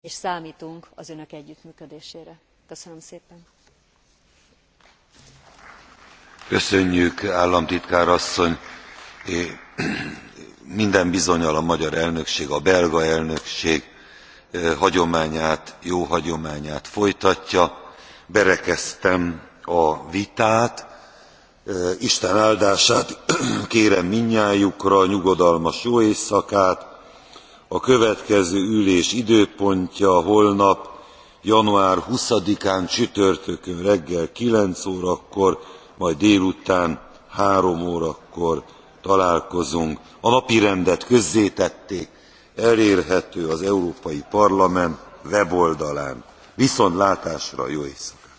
és számtunk az önök együttműködésére. köszönöm szépen! köszönjük államtitkár asszony! minden bizonnyal a magyar elnökség a belga elnökség hagyományát jó hagyományát folytatja. berekeztem a vitát isten áldását kérem mindnyájukra nyugodalmas jó éjszakát a következő ülés időpontja holnap január twenty án csütörtökön reggel nine órakor majd délután three órakor találkozunk. a napirendet közzétették elérhető az európai parlament weboldalán. viszontlátásra jó éjszakát!